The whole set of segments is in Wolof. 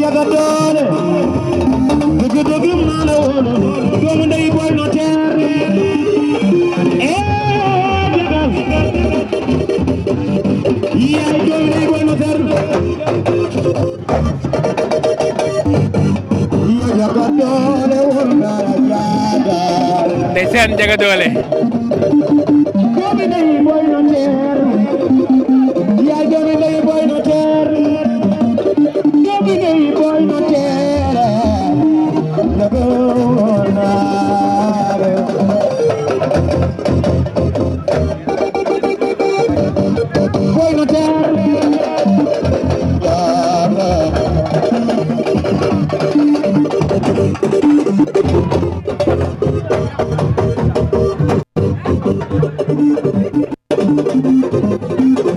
yaga doole dëgg dëgg maa la woon doomu ndey boy notaire eh yaga yaay doomu ndey boy notaire yaga doole woon naa yaga ndeysaan jaga doole doomu ndey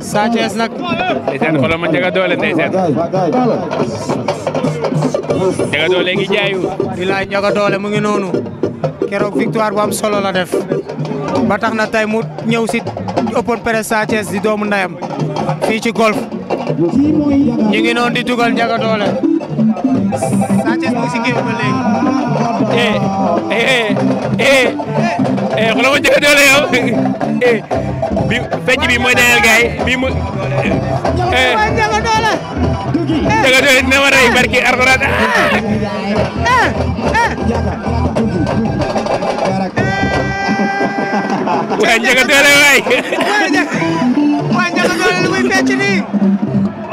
Sa Thiès nag ndeysaan xoolal ma Ndiaga Dollé ndeysaan Ndiaga ngi jaayu bilaay Ndiaga Dollé mu ngi noonu keroog victoire bu am def ba na tey mu ñëw si open press Sa Thiès di doomu ndayam fii ci golf ñu ngi noonu di dugal Ndiaga Dollé Sa mu si géew ba léegi eh eh eh eh, eh xoolal ma Eh, bi fecc bi mooy daaneel gaay bi mu. Eh. Njaga Doole. Njaga Doole dina ma rey barki Alxuraan. waaw Njaga Doole waay. waaw Njaga Doole lu muy fecc nii.